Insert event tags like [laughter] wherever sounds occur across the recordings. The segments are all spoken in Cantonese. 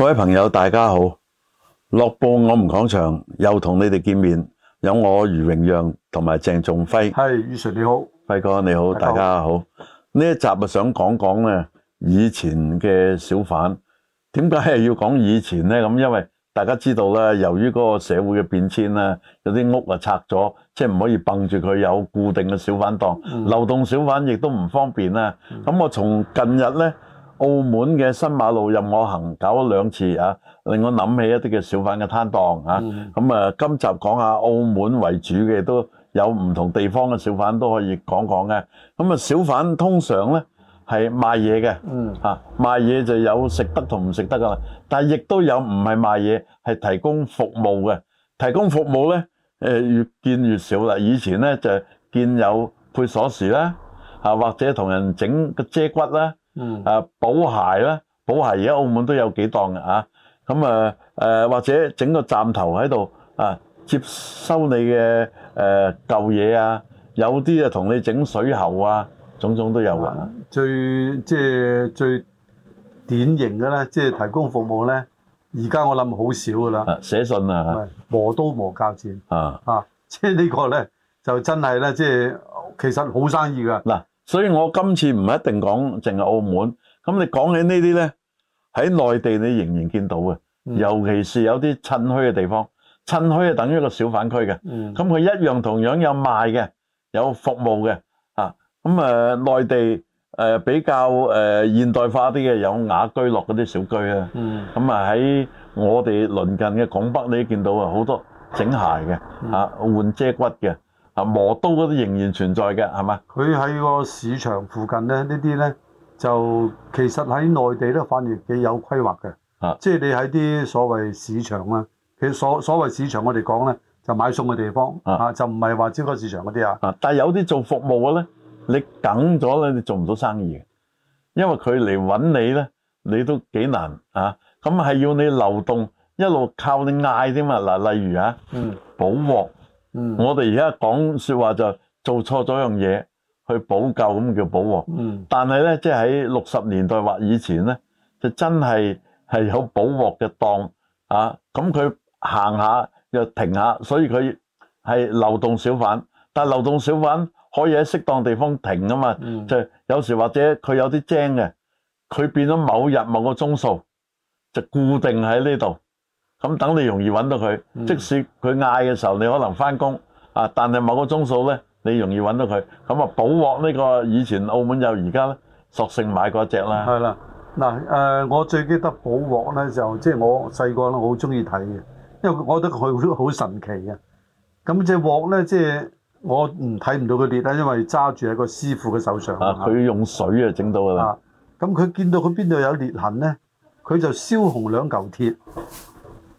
各位朋友，大家好！樂報我們廣場又同你哋見面，有我余榮讓同埋鄭仲輝。係，余 Sir 你好，輝哥你好，大家好。呢一集啊，想講講咧以前嘅小販，點解係要講以前呢？咁因為大家知道啦，由於嗰個社會嘅變遷啦，有啲屋啊拆咗，即係唔可以掹住佢有固定嘅小販檔，嗯、流動小販亦都唔方便啦。咁我從近日咧。澳門嘅新馬路任我行搞咗兩次，令我諗起一啲嘅小販嘅攤檔。咁，今集講下澳門為主嘅，都有唔同地方嘅小販都可以講講嘅。咁，小販通常呢，係賣嘢嘅，賣嘢就有食得同唔食得㗎啦，但亦都有唔係賣嘢，係提供服務嘅。提供服務呢，越見越少啦，以前呢，就見有配鎖匙啦，或者同人整個遮骨啦，嗯，誒補鞋啦，補鞋而家澳門都有幾檔啊，咁啊，啊，或者整個站頭喺度啊，接收你嘅誒、啊、舊嘢啊，有啲啊同你整水喉啊，種種都有嘅，啊啊。最即係最典型嘅咧，即係提供服務咧，而家我諗好少㗎啦，啊。寫信啊，磨刀磨鉸剪啊啊，即係呢個咧就真係咧，即係其實好生意㗎嗱。啊所以我今次唔一定講淨係澳門，咁你講起呢啲咧，喺內地你仍然見到嘅，尤其是有啲趁墟嘅地方，趁墟就等於一個小販區嘅，咁佢一樣同樣有賣嘅，有服務嘅，嚇，咁誒內地誒比較誒現代化啲嘅，有雅居樂嗰啲小區啦，咁啊喺我哋鄰近嘅廣北，你都見到啊好多整鞋嘅，嚇換遮骨嘅。啊，磨刀嗰啲仍然存在嘅，係嘛？佢喺個市場附近咧，這些呢啲咧就其實喺內地都反而幾有規劃嘅。啊，即係你喺啲所謂市場啊，其實所所謂市場我哋講咧就買餸嘅地方啊，啊，就唔係話超級市場嗰啲啊，啊。但係有啲做服務嘅咧，你梗咗咧，你做唔到生意嘅，因為佢嚟揾你咧，你都幾難啊。咁係要你流動，一路靠你嗌添嘛。嗱、啊，例如啊，嗯，補鑊。我哋而家講說話就做錯咗樣嘢，去補救，咁叫補鑊。嗯，但係咧，即係喺六十年代或以前咧，就真係係有補鑊嘅檔啊。咁佢行下又停下，所以佢係流動小販。但係流動小販可以喺適當地方停啊嘛。嗯、就有時候或者佢有啲精嘅，佢變咗某日某個鐘數就固定喺呢度。咁等你容易揾到佢，即使佢嗌嘅時候，你可能翻工啊，嗯、但係某個鐘數咧，你容易揾到佢。咁啊，補鑊呢個以前澳門有，而家索性買過一隻啦。係啦，嗱、呃、我最記得補鑊咧就即係我細個咧好中意睇嘅，因為我覺得佢都好神奇嘅。咁隻鑊咧，即係我唔睇唔到佢裂啦，因為揸住喺個師傅嘅手上。啊，佢用水啊整到啊。啊、嗯，咁佢見到佢邊度有裂痕咧，佢就燒紅兩嚿鐵。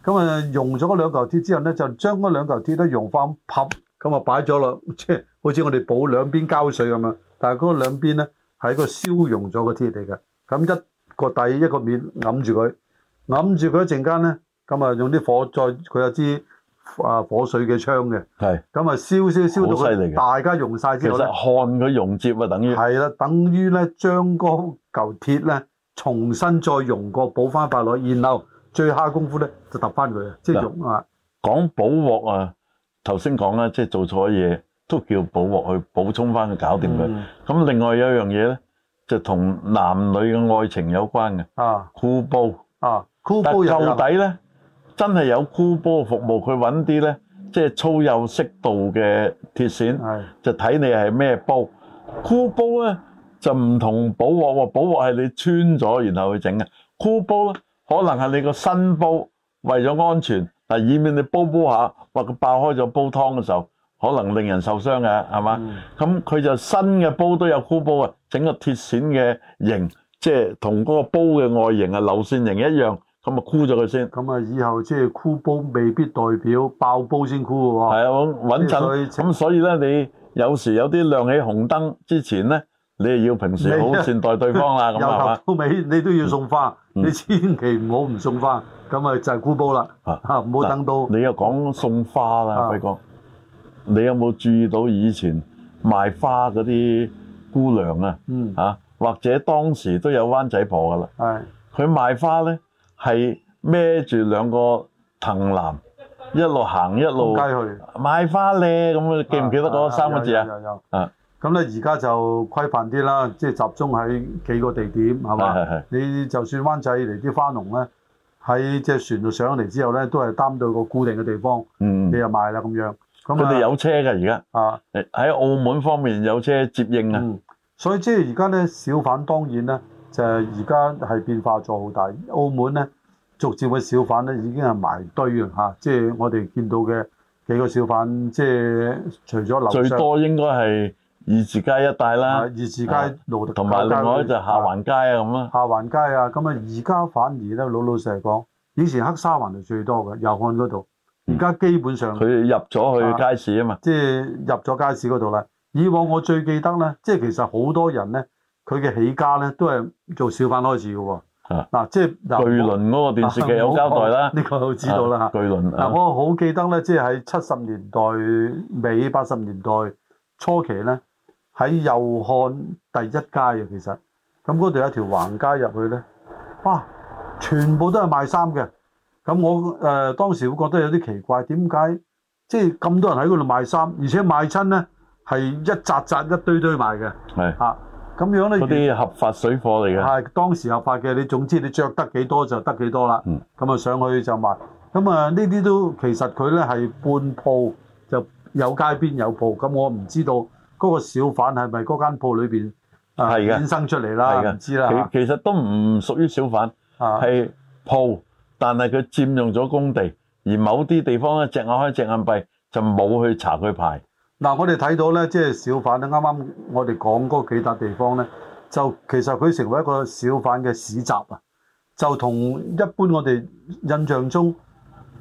咁啊，融咗嗰兩嚿鐵之後咧，就將嗰兩嚿鐵都融翻，冚咁啊，擺咗落，即係好似我哋補兩邊膠水咁樣。但係嗰兩邊咧，係一個燒融咗個鐵嚟嘅。咁一個底，一個面揞住佢，揞住佢一陣間咧，咁啊，用啲火再佢有支啊火水嘅槍嘅，咁啊是，燒燒燒到大家融晒之後呢，其實焊佢溶接啊，等於係啦，等於咧將嗰嚿鐵咧重新再融過，補翻返落，然後最蝦功夫咧，就揼翻佢啊！即係用啊，講補鑊啊，頭先講啦，即係做錯嘢都叫補鑊去補充翻佢，搞掂佢。咁另外有一樣嘢咧，就同男女嘅愛情有關嘅。啊，箍煲啊，箍煲到底咧，真係有箍煲服務。佢揾啲咧，即係粗幼適度嘅鐵線，是 就睇你係咩煲。箍煲咧就唔同補鑊喎，補鑊係你穿咗然後去整嘅，箍煲咧。可能係你個新煲，為咗安全，嗱，以免你煲煲下或佢爆開咗煲湯嘅時候，可能令人受傷嘅，係嘛？咁佢就新嘅煲都有箍煲嘅，整個鐵線嘅形，即係同嗰個煲嘅外形啊流線形一樣，咁啊箍咗佢先。咁啊，以後即係箍煲未必代表爆煲先箍嘅喎。係啊，穩陣。咁所以咧，你有時有啲亮起紅燈之前咧。你要平時好善待對方啦，咁尾，你都要送花，你千祈唔好唔送花，咁啊就係箍煲啦。唔好等到你又講送花啦，輝哥。你有冇注意到以前賣花嗰啲姑娘啊？嗯。嚇，或者當時都有灣仔婆噶啦。係。佢賣花咧，係孭住兩個藤籃，一路行一路，行街去，賣花靚，咁你記唔記得嗰三個字啊？啊。咁咧而家就規範啲啦，即、就、係、是、集中喺幾個地點，係嘛？是是是，你就算灣仔嚟啲花農咧，喺隻船度上嚟之後咧，都係擔到個固定嘅地方，嗯你就，你又賣啦咁樣。咁佢哋有車㗎而家啊，喺澳門方面有車接應啊、嗯，所以即係而家咧小販當然咧就係而家係變化咗好大。澳門咧逐漸嘅小販咧已經係埋堆啦嚇，即、啊、係、就是、我哋見到嘅幾個小販，即、就、係、是、除咗樓最多應該係，二字街一帶啦，二字街路同另外就、啊、下環街啊咁啦。下環街啊，咁啊而家反而咧老老實實講，以前黑沙環就最多嘅，祐漢嗰度。而家基本上佢、嗯、入咗去街市啊嘛，即係、啊就是、入咗街市嗰度啦。以往我最記得咧，即、就、係、是、其實好多人咧，佢嘅起家咧都係做小販開始嘅喎。嗱，即係巨輪嗰個電視劇有交代啦，呢、啊這個都知道啦、啊。巨輪嗱、啊啊，我好記得咧，即係喺七十年代尾、八十年代初期咧。喺佑漢第一街嘅其實，咁嗰度有條橫街入去咧，哇！全部都係賣衫嘅。咁我誒、呃、當時會覺得有啲奇怪，點解即係咁多人喺嗰度賣衫？而且賣親咧係一扎紮一堆堆賣嘅。係嚇咁樣咧，啲合法水貨嚟嘅。係當時合法嘅，你總之你着得幾多就得幾多啦。咁啊、嗯，上去就賣咁啊，呢啲都其實佢咧係半鋪，就有街邊有鋪。咁我唔知道。嗰個小販係咪嗰間鋪裏邊衍生出嚟啦？唔知啦。其其實都唔屬於小販，係鋪、啊，但係佢佔用咗工地，而某啲地方咧隻眼開隻眼閉，就冇去查佢牌。嗱、啊，我哋睇到咧，即、就、係、是、小販咧，啱啱我哋講嗰幾笪地方咧，就其實佢成為一個小販嘅市集啊，就同一般我哋印象中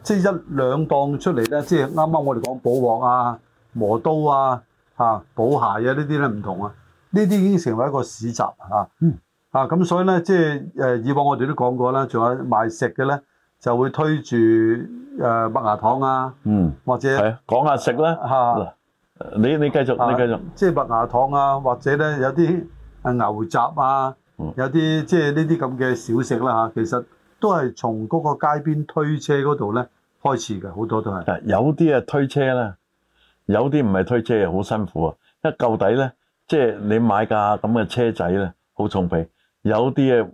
即係、就是、一兩檔出嚟咧，即係啱啱我哋講補鑊啊、磨刀啊。啊，補鞋啊，呢啲咧唔同啊，呢啲已經成為一個市集嚇。嗯。啊，咁、嗯啊、所以咧，即、就、係、是、以往我哋都講過啦，仲有賣食嘅咧，就會推住誒、呃、麥芽糖啊。嗯。或者係啊，講下食啦嚇。啊、你你繼續，你繼續。即係、啊啊就是、麥芽糖啊，或者咧有啲誒牛雜啊，有啲即係呢啲咁嘅小食啦、啊嗯啊、其實都係從嗰個街邊推車嗰度咧開始嘅，好多都係。有啲啊，推車啦。有啲唔係推車，好辛苦啊！一舊底咧，即係你買架咁嘅車仔咧，好重皮。有啲誒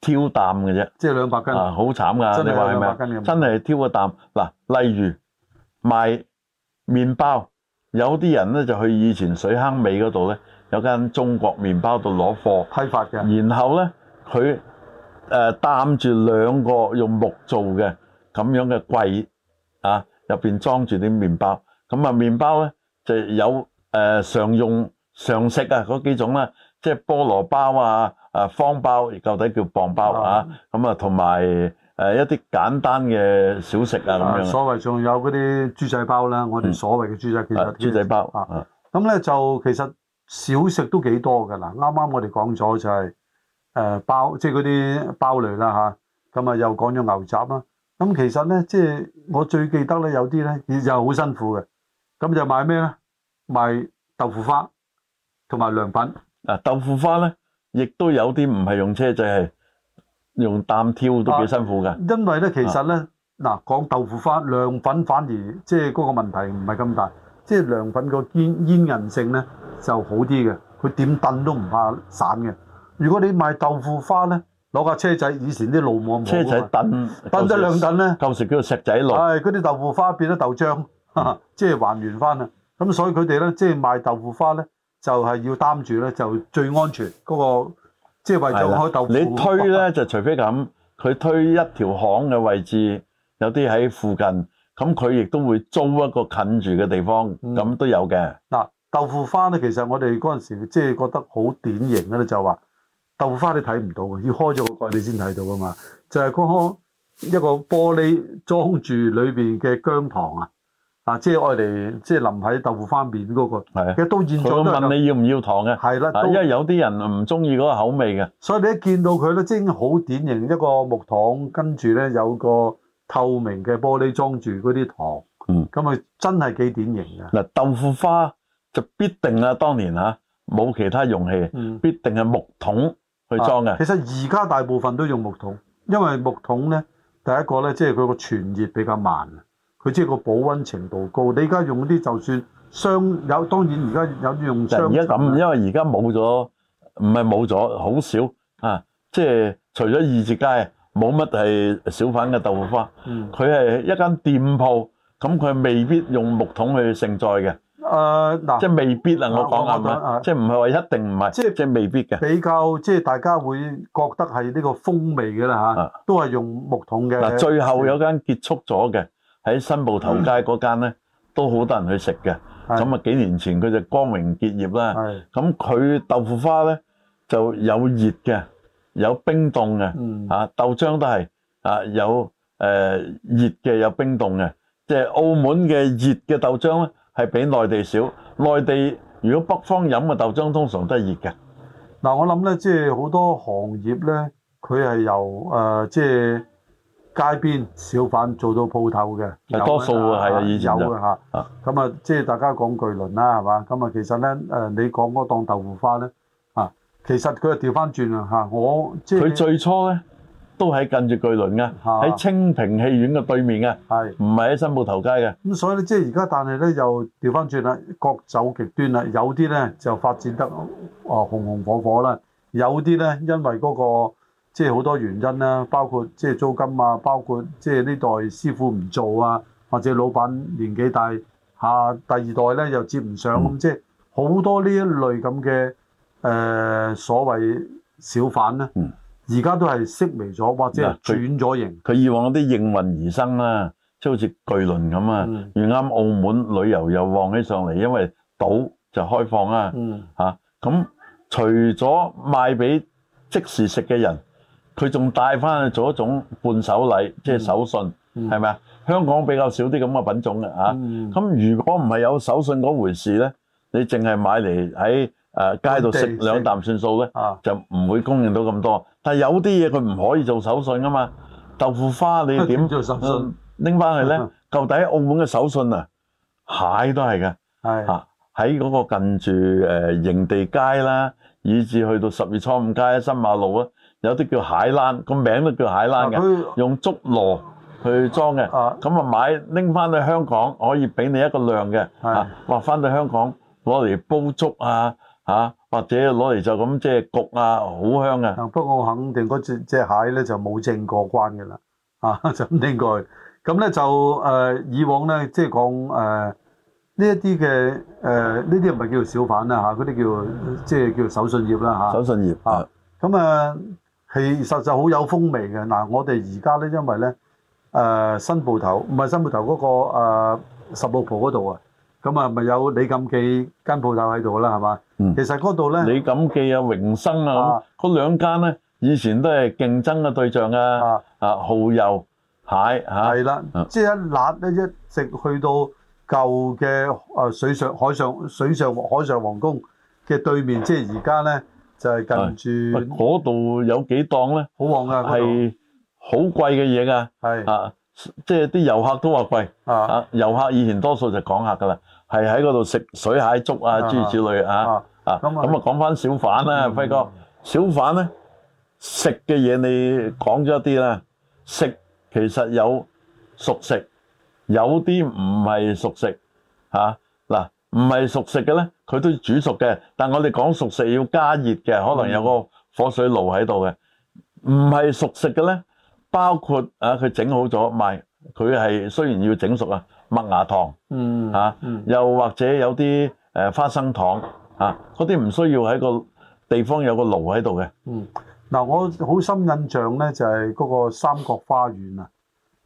挑擔嘅啫，即係兩百斤啊，好慘噶！你話係咪？真係兩百斤真係挑個擔嗱。例如賣麵包，有啲人咧就去以前水坑尾嗰度咧，有間中國麵包度攞貨批發嘅。然後咧，佢誒擔住兩個用木做嘅咁樣嘅櫃啊，入面裝住啲麵包。咁啊，麵包咧就有誒、呃、常用常食啊嗰幾種啦，即係菠蘿包啊、啊方包，亦到底叫磅包啊。咁啊，同埋誒一啲簡單嘅小食啊咁樣啊。所謂仲有嗰啲豬仔包啦，我哋所謂嘅豬仔，其實豬仔包啊。咁咧就其實小食都幾多㗎嗱，啱啱我哋講咗就係誒包，即係嗰啲包類啦嚇。咁啊又講咗牛雜啦。咁其實咧，即係我最記得咧有啲咧，亦就好辛苦嘅。咁就賣咩咧？賣豆腐花同埋涼粉。嗱，豆腐花咧，亦都有啲唔係用車仔，係用擔挑都幾辛苦嘅。因為咧，其實咧，嗱講豆腐花、涼粉，反而即係嗰個問題唔係咁大。即係涼粉個煙煙韌性咧就好啲嘅，佢點燉都唔怕散嘅。如果你賣豆腐花咧，攞架車仔，以前啲路網車仔燉，燉得兩燉咧。舊時叫石仔路。係嗰啲豆腐花變咗豆漿。即係、嗯啊就是、還原翻啦，咁所以佢哋咧，即係賣豆腐花咧，就係、是、要擔住咧，就最安全嗰、那個，即係為咗開豆腐。你推咧、嗯、就除非咁，佢推一條巷嘅位置，有啲喺附近，咁佢亦都會租一個近住嘅地方，咁、嗯、都有嘅。嗱、嗯，豆腐花咧，其實我哋嗰陣時即係覺得好典型呢，就話豆腐花你睇唔到嘅，要開咗個蓋你先睇到噶嘛，就係、是、嗰、那個、一個玻璃裝住裏面嘅薑糖啊。嗱、啊，即係我哋即係淋喺豆腐花面嗰、那個，的其實都現在我佢問你要唔要糖嘅，係啦的，都因為有啲人唔中意嗰個口味嘅。所以你一見到佢咧，即好典型一個木桶，跟住咧有個透明嘅玻璃裝住嗰啲糖，咁佢、嗯、真係幾典型嘅。嗱、嗯，豆腐花就必定啊當年啊冇其他容器，必定係木桶去裝嘅、嗯嗯嗯啊。其實而家大部分都用木桶，因為木桶咧，第一個咧，即係佢個傳熱比較慢。佢即係個保溫程度高。你而家用啲就算雙有，當然而家有啲用雙層而家咁，因為而家冇咗，唔係冇咗，好少啊！即係除咗二節街，冇乜係小販嘅豆腐花。佢係、嗯、一間店鋪，咁佢未必用木桶去盛載嘅。誒嗱、呃，即係未必能夠、呃、我講啊，即係唔係話一定唔係，即係即係未必嘅。比較即係大家會覺得係呢個風味嘅啦、啊啊、都係用木桶嘅。嗱、呃，最後有間結束咗嘅。喺新埗頭街嗰間咧，都好多人去食嘅。咁啊，幾年前佢就光榮結業啦。咁佢豆腐花咧就有熱嘅，有冰凍嘅。嚇，豆漿都係啊，有誒熱嘅，有冰凍嘅。即係澳門嘅熱嘅豆漿咧，係比內地少。內地如果北方飲嘅豆漿，通常都係熱嘅。嗱，我諗咧，即係好多行業咧，佢係由誒即係。街邊小販做到鋪頭嘅，有的多數啊，有啊嚇。咁啊，即係大家講巨輪啦，係嘛？咁啊，其實咧，誒，你講嗰檔豆腐花咧，嚇，其實佢又調翻轉啊嚇。我即係佢最初咧，都喺近住巨輪嘅，喺、啊、清平戲院嘅對面嘅，係唔係喺新埔頭街嘅？咁、啊、所以咧，即係而家，但係咧又調翻轉啦，各走極端啦。有啲咧就發展得啊、哦、紅紅火火啦，有啲咧因為嗰、那個。即係好多原因啦，包括即係租金啊，包括即係呢代師傅唔做啊，或者老闆年紀大嚇，第二代咧又接唔上咁，即係好多呢一類咁嘅誒所謂小販咧。而家、嗯、都係式微咗，或者轉咗型。佢以往嗰啲應運而生啦，即好似巨輪咁啊。而啱、嗯、澳門旅遊又旺起上嚟，因為賭就開放、嗯、啊。嚇。咁除咗賣俾即時食嘅人。佢仲帶翻去做一種伴手禮，即係手信，係咪啊？香港比較少啲咁嘅品種嘅嚇。咁如果唔係有手信嗰回事咧，你淨係買嚟喺誒街度食兩啖算數咧，就唔會供應到咁多。但係有啲嘢佢唔可以做手信噶嘛，豆腐花你點做手信？拎翻去咧，究竟澳門嘅手信啊，蟹都係嘅，係啊，喺嗰個近住誒營地街啦，以至去到十月初五街、新馬路啊。有啲叫蟹欄，個名都叫蟹欄嘅，用竹籮去裝嘅。咁啊，買拎翻去香港可以俾你一個量嘅。啊，話翻到香港攞嚟煲粥啊，嚇或者攞嚟就咁即係焗啊，好香嘅。不過我肯定嗰隻隻蟹咧就冇證過關嘅啦。啊，就拎過去。咁咧就誒以往咧即係講誒呢一啲嘅誒呢啲唔係叫做小販啦嚇，嗰啲叫即係叫手信業啦嚇。手信業啊，咁啊。係實在好有風味嘅嗱，我哋而家咧因為咧，誒新鋪頭唔係新鋪頭嗰個誒十六鋪嗰度啊，咁啊咪有李錦記間鋪頭喺度啦，係嘛？嗯，其實嗰度咧，李錦記啊榮生啊，嗰兩間咧以前都係競爭嘅對象啊，啊蠔油蟹嚇，係啦，即係一辣咧一直去到舊嘅誒水上海上水上海上皇宮嘅對面，即係而家咧。就係近住嗰度有幾檔咧，好旺噶，係好貴嘅嘢噶，係啊，即係啲遊客都話貴啊。遊客以前多數就講客噶啦，係喺嗰度食水蟹粥啊，諸如此類啊啊。咁啊，講翻小販啦，輝哥，小販咧食嘅嘢你講咗一啲啦，食其實有熟食，有啲唔係熟食嚇嗱，唔係熟食嘅咧。佢都煮熟嘅，但我哋講熟食要加熱嘅，可能有個火水爐喺度嘅。唔係熟食嘅咧，包括啊，佢整好咗賣，佢係雖然要整熟啊，麥芽糖，嗯，嗯、啊、又或者有啲誒花生糖啊，嗰啲唔需要喺個地方有個爐喺度嘅。嗯，嗱，我好深印象咧，就係嗰個三角花園啊，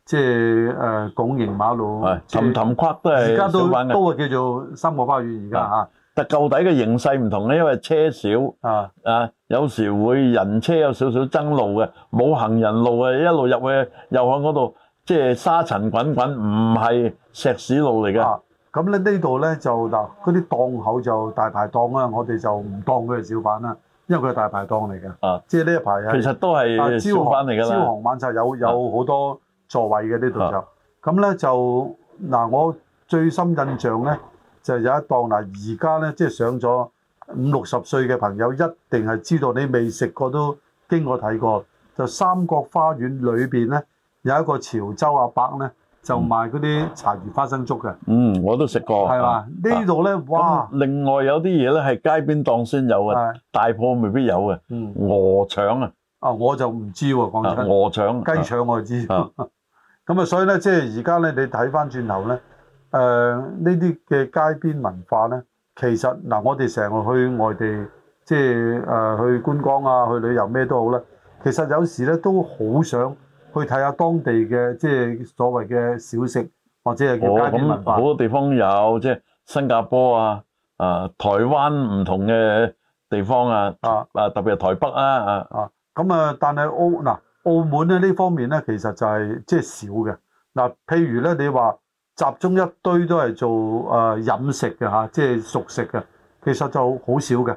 即係誒拱形馬路，氹氹窟都係，而家都都係叫做三角花園而家但係舊底嘅形勢唔同咧，因為車少啊啊，有時會人車有少少爭路嘅，冇行人路啊，一路入去，又向嗰度，即係沙塵滾滾，唔係石屎路嚟嘅。咁咧、啊、呢度咧就嗱，嗰啲檔口就大排檔啦，我哋就唔當佢係小販啦，因為佢係大排檔嚟嘅。啊，即係呢一排係其實都係小販嚟㗎啦。朝行晚就有有好多座位嘅呢度就，咁咧、啊啊、就嗱、啊，我最深印象咧。就有一檔嗱，而家咧即係上咗五六十歲嘅朋友一定係知道你吃，你未食過都經過睇過。就三角花園裏邊咧有一個潮州阿伯咧，就賣嗰啲茶葉花生粥嘅。嗯，我都食過。係啦，呢度咧哇，啊、另外有啲嘢咧係街邊檔先有嘅，的大鋪未必有嘅。嗯，鵝腸啊。不啊，我就唔知喎，講真、啊。鵝腸、雞腸我就知道。咁啊，啊 [laughs] 所以咧即係而家咧，你睇翻轉頭咧。誒呢啲嘅街邊文化咧，其實嗱、呃，我哋成日去外地，即係、呃、去觀光啊，去旅遊咩都好啦。其實有時咧都好想去睇下當地嘅即係所謂嘅小食或者係街邊文化。哦嗯、好多地方有，即係新加坡啊，啊台灣唔同嘅地方啊，啊特別係台北啊，啊咁啊。嗯、但係澳嗱、呃、澳門咧呢方面咧，其實就係、係、即係少嘅嗱、呃。譬如咧，你話。集中一堆都係做飲食嘅，即係熟食嘅，其實就好少嘅。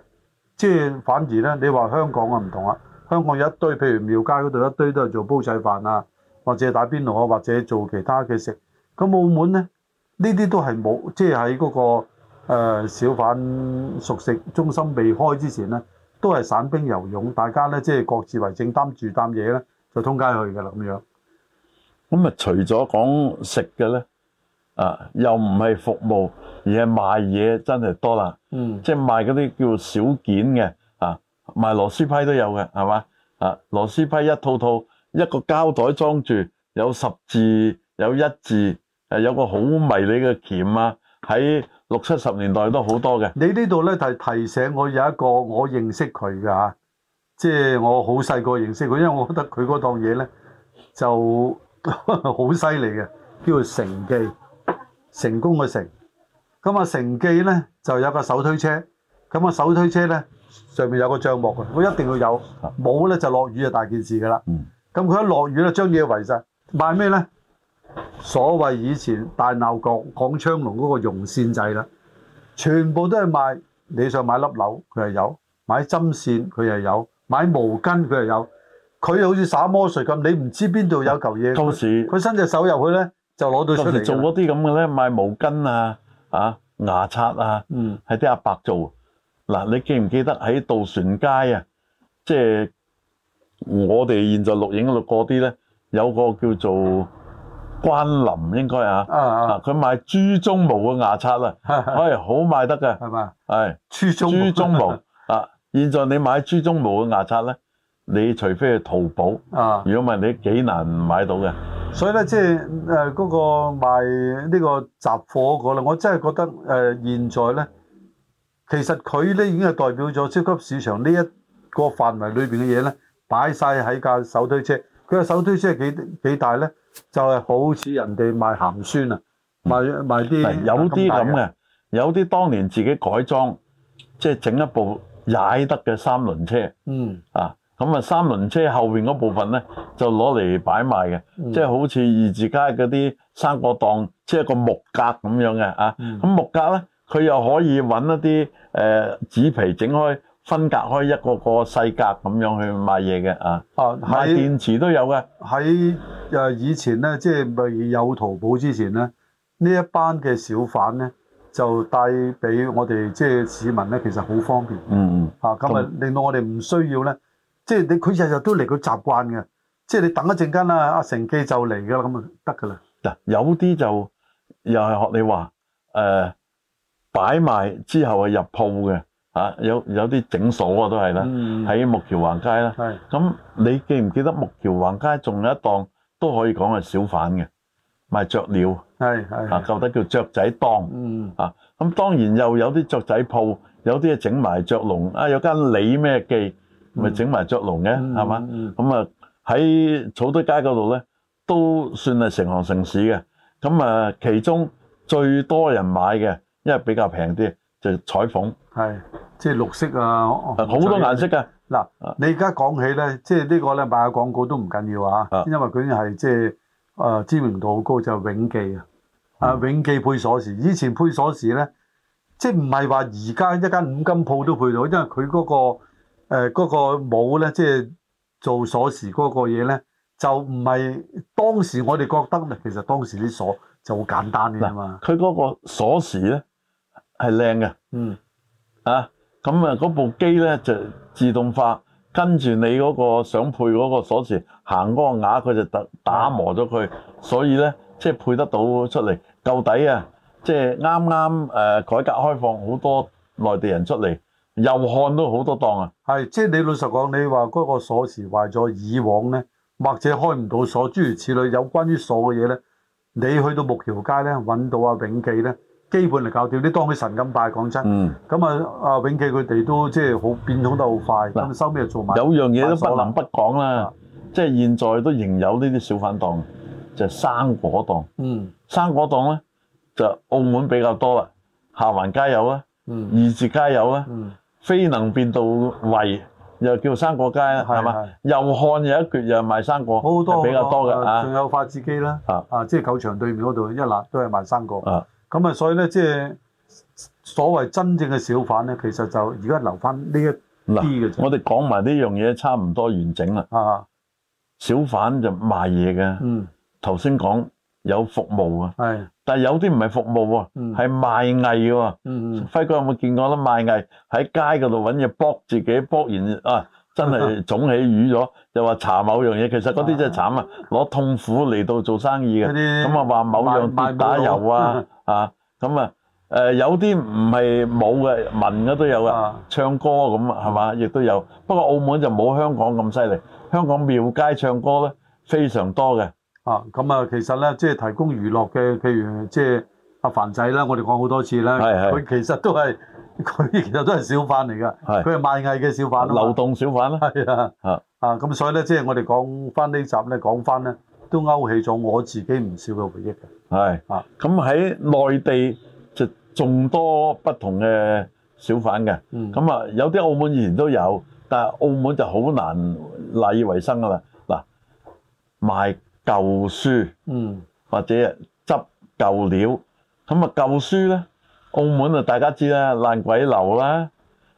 即係反而咧，你話香港啊唔同啦，香港有一堆，譬如廟街嗰度一堆都係做煲仔飯啊，或者打邊爐啊，或者做其他嘅食。咁澳門咧，呢啲都係冇，即係喺嗰個小販熟食中心未開之前咧，都係散兵游勇，大家咧即係各自為政，擔住擔嘢咧就通街去㗎啦咁樣。咁啊，除咗講食嘅咧？啊！又唔係服務，而係賣嘢真係多啦。嗯，即係賣嗰啲叫小件嘅啊，賣螺絲批都有嘅，係嘛？啊，螺絲批一套套，一個膠袋裝住，有十字，有一字，誒，有個好迷你嘅鉗啊。喺六七十年代都好多嘅。你呢度咧就係提醒我有一個我認識佢嘅嚇，即係我好細個認識佢，因為我覺得佢嗰檔嘢咧就好犀利嘅，叫做成記。成功嘅成，咁啊成記咧就有個手推車，咁啊手推車咧上面有個帳幕嘅，佢一定要有，冇咧就落雨就大件事噶啦。咁佢一落雨咧，將嘢圍晒賣咩咧？所謂以前大鬧角廣昌隆嗰個絨線仔啦，全部都係賣，你想買粒紐佢係有，買針線佢係有，買毛巾佢係有，佢好似耍魔術咁，你唔知邊度有嚿嘢，到時佢伸隻手入去咧，就攞到出嚟。做嗰啲咁嘅咧，賣毛巾啊、啊牙刷啊，係啲、嗯、阿伯做。嗱、啊，你記唔記得喺渡船街啊？即、就、係、是、我哋現在錄影錄過啲咧，有個叫做關林應該啊，啊佢賣豬鬃毛嘅牙刷啦，係好賣得嘅，係豬鬃毛啊。啊現在你買豬鬃毛嘅牙刷咧，你除非去淘寶，如果唔係，你幾難買到嘅。所以咧，即係誒嗰個賣呢個雜貨嗰個咧，我真係覺得誒現在咧，其實佢咧已經係代表咗超級市場呢一個範圍裏邊嘅嘢咧，擺晒喺架手推車。佢個手推車係幾幾大咧？就係、是、好似人哋賣鹹酸啊，嗯、賣賣啲有啲咁嘅，有啲當年自己改裝，即、就、係、是、整一部踩得嘅三輪車。嗯啊。咁啊，三輪車後邊嗰部分咧，就攞嚟擺賣嘅，即係、嗯、好似二字街嗰啲三角檔，即、就、係、是、個木格咁樣嘅啊。咁、嗯、木格咧，佢又可以揾一啲誒紙皮整開分隔開一個個細格咁樣去賣嘢嘅啊。哦，賣電池都有嘅。喺誒以前咧，即係未有淘寶之前咧，呢一班嘅小販咧，就帶俾我哋即係市民咧，其實好方便。嗯嗯。嚇咁啊，那令到我哋唔需要咧。即係你佢日日都嚟，佢習慣嘅。即係你等一陣間啦，阿、啊、成記就嚟㗎啦，咁、呃、啊得㗎啦。嗱，有啲就又係學你話誒擺埋之後係入鋪嘅嚇，有有啲整鎖啊都係啦，喺、嗯、木橋橫街啦。係咁的，你記唔記得木橋橫街仲有一檔都可以講係小販嘅賣雀鳥？係係啊，舊底叫雀仔檔。嗯啊，咁當然又有啲雀仔鋪，有啲係整埋雀籠啊，有間李咩記。咪整埋雀籠嘅，係嘛、嗯？咁啊喺草堆街嗰度咧，都算係成行成市嘅。咁啊，其中最多人買嘅，因為比較平啲，就彩、是、鳳。係，即係綠色啊！好是、哦、多顏色、嗯、啊。嗱，你而家講起咧，即係呢個咧賣下廣告都唔緊要啊，是因為佢係即係誒知名度好高，就是、永記、嗯、啊，永記配鎖匙。以前配鎖匙咧，即係唔係話而家一間五金鋪都配到，因為佢嗰、那個。誒嗰、呃嗰個帽咧，即係做鎖匙嗰個嘢咧，就唔係當時我哋覺得，其實當時啲鎖就好簡單㗎嘛。佢嗰個鎖匙咧係靚嘅，嗯啊，咁啊嗰部機咧就自動化，跟住你嗰個想配嗰個鎖匙，行嗰個瓦佢就打打磨咗佢，所以咧即係配得到出嚟夠底啊！即係啱啱改革開放好多內地人出嚟。又看到好多檔啊，係即係你老實講，你話嗰個鎖匙壞咗，以往咧或者開唔到鎖，諸如此類，有關於鎖嘅嘢咧，你去到木橋街咧揾到阿、啊、永記咧，基本嚟搞掂。你當佢神咁拜，講真，咁、嗯、啊阿永記佢哋都即係好變通得好快。咁收咩做埋？有樣嘢都不能不講啦，即係、嗯、現在都仍有呢啲小販檔，就係、生果檔。嗯，生果檔咧就係、澳門比較多啦，下環街有啊，嗯、二節街有嗯非能變到位，又叫生果街係嘛？是是是，有又看又一撅又賣生果，好多 比較多嘅仲有發字機啦，是啊啊，即係狗場對面嗰度一辣都係賣生果。是啊，咁啊，所以咧，即係所謂真正嘅小販咧，其實就現在這些而家留翻呢一啲嘅啫。我哋講埋呢樣嘢，差唔多完整啦。是啊，小販就賣嘢嘅，嗯，頭先講。有服務啊，但係有啲唔係服務喎，係的、嗯、賣藝嘅喎。輝哥有冇見過咧？賣藝喺街嗰度揾嘢卜自己卜完啊，真係腫起淤咗，又話查某樣嘢。其實嗰啲真係慘啊，攞痛苦嚟，到做生意嘅。咁啊，話某樣跌打油啊，啊咁啊，誒、啊，有啲唔係武嘅文嘅都有啊，唱歌咁啊，係嘛，亦都有。不過澳門就冇香港咁犀利，香港廟街唱歌咧非常多嘅。啊，咁啊，其實咧，即係提供娛樂嘅，譬如即係阿凡仔啦，我哋講好多次啦，佢是其實都係佢其實都係小販嚟噶，佢係是是 賣藝嘅小販，流動小販啦，係啊，啊啊，咁、啊、所以咧，即係我哋講翻呢集咧，講翻咧都勾起咗我自己唔少嘅回憶嘅，係是啊，咁喺內地就眾多不同嘅小販嘅，咁啊、嗯、有啲澳門以前都有，但係澳門就好難賴以為生噶啦，嗱、啊、賣。舊書，嗯，或者啊執舊料，咁啊舊書咧，澳門啊大家知啦，爛鬼樓啦，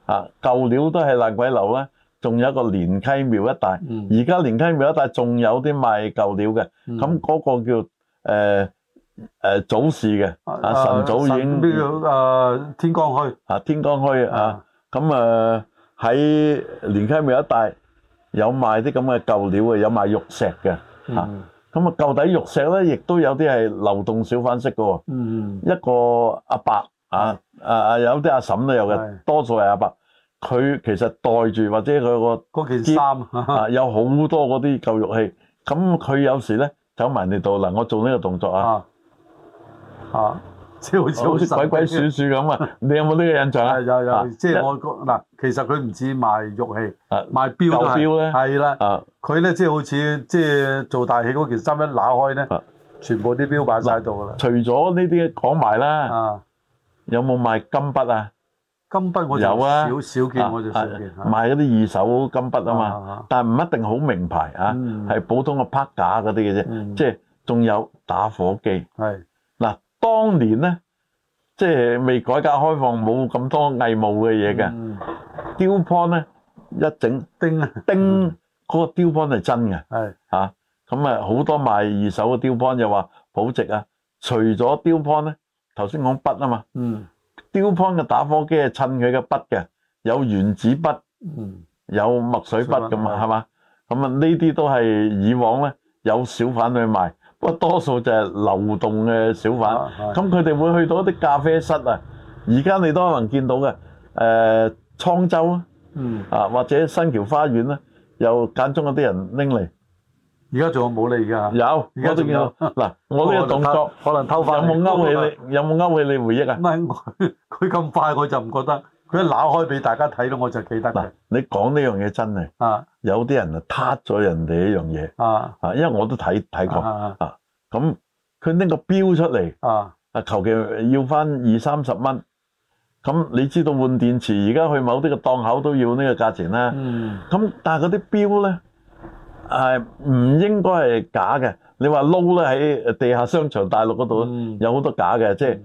啊舊料都係爛鬼樓啦，仲有一個蓮溪廟一帶，而家蓮溪廟一帶仲有啲賣舊料嘅，咁嗰個叫誒誒早市嘅，啊晨早已經，邊個啊天光墟啊天光墟啊，咁啊喺蓮溪廟一帶有賣啲咁嘅舊料嘅，有賣玉石嘅，嚇。咁啊，舊底玉石咧，亦都有啲係流動小販式噶喎。嗯、一個阿伯啊，啊啊，有啲阿嬸都有嘅，是多數係阿伯。佢其實袋住或者佢個件衫啊，有好多嗰啲舊玉器。咁佢 [laughs] 有時咧走埋你度，嗱，我做呢個動作啊，啊。即係好似鬼鬼祟祟咁啊！你有冇呢個印象啊？有有，即係我嗱，其實佢唔止賣玉器，賣表表咧，係啦，佢咧即係好似即係做大戲嗰件衫一拿開咧，全部啲表擺晒度噶啦。除咗呢啲講埋啦，有冇賣金筆啊？金筆我有啊。少少見，我就少見。賣嗰啲二手金筆啊嘛，但係唔一定好名牌啊，係普通嘅拍架嗰啲嘅啫。即係仲有打火機係。當年咧，即係未改革開放，冇咁多偽冒嘅嘢嘅。雕盤咧一整，叮叮嗰個雕盤係真嘅。係啊，咁啊好多賣二手嘅雕盤又話保值啊。除咗雕盤咧，頭先講筆啊嘛。嗯。雕盤嘅打火機係襯佢嘅筆嘅，有原子筆，有墨水筆咁嘛，係嘛？咁啊呢啲都係以往咧有小販去賣。不過多數就係流動嘅小販，咁佢哋會去到一啲咖啡室啊。而家你都可能見到嘅，誒，滄州啊，啊或者新橋花園咧，又間中有啲人拎嚟。而家仲有冇咧？而家有，而家仲有。嗱，我呢個動作可能偷翻，有冇勾起你？你有冇勾起你？你回憶啊？唔係，佢咁快，我就唔覺得。佢扭開俾大家睇咯，我就記得啦。你講呢樣嘢真係，有啲人啊，撻咗人哋一樣嘢啊，啊，因為我都睇睇過啊。咁佢拎個錶出嚟啊，啊，求其、啊、要返二三十蚊。咁你知道換電池，而家去某啲嘅檔口都要呢個價錢啦。咁、嗯、但係嗰啲錶咧，係唔應該係假嘅。你話撈咧喺地下商場、大陸嗰度有好多假嘅，即係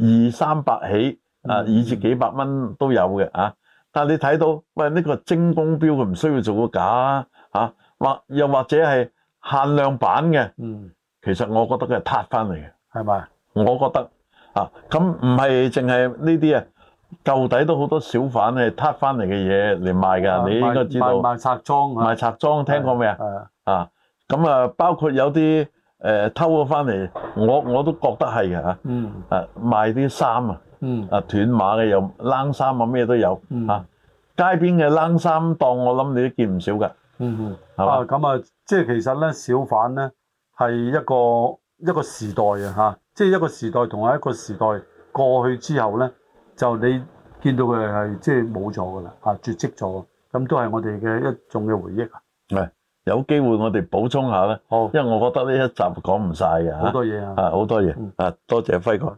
誒二三百起。啊，以至幾百蚊都有嘅啊！但係你睇到，喂，呢、呢個精工表佢唔需要做個假啊，或又或者係限量版嘅，嗯，其實我覺得佢係撻翻嚟嘅，係咪吧？我覺得啊，咁唔係淨係呢啲啊，舊底都好多小販係撻翻嚟嘅嘢嚟賣㗎，啊、你應該知道賣賣賊贓，賣賊贓、啊、聽過未啊？啊，咁啊，包括有啲誒、呃、偷咗翻嚟，我我都覺得係嘅嚇，啊、嗯，誒賣啲衫啊。嗯，斷嗯啊，啊，斷碼嘅有，冷衫啊，咩都有，吓街邊嘅冷衫檔，我諗你都見唔少噶。嗯嗯，係咁啊，即係其實咧，小販咧係一個一個時代啊，吓，即係一個時代同一個時代過去之後咧，就你見到佢係即係冇咗噶啦，吓、就是啊、絕跡咗，咁都係我哋嘅一種嘅回憶啊。係、嗯，有機會我哋補充下咧。好，因為我覺得呢一集講唔晒嘅。好多嘢啊！啊，好多嘢、嗯、啊！多謝輝哥。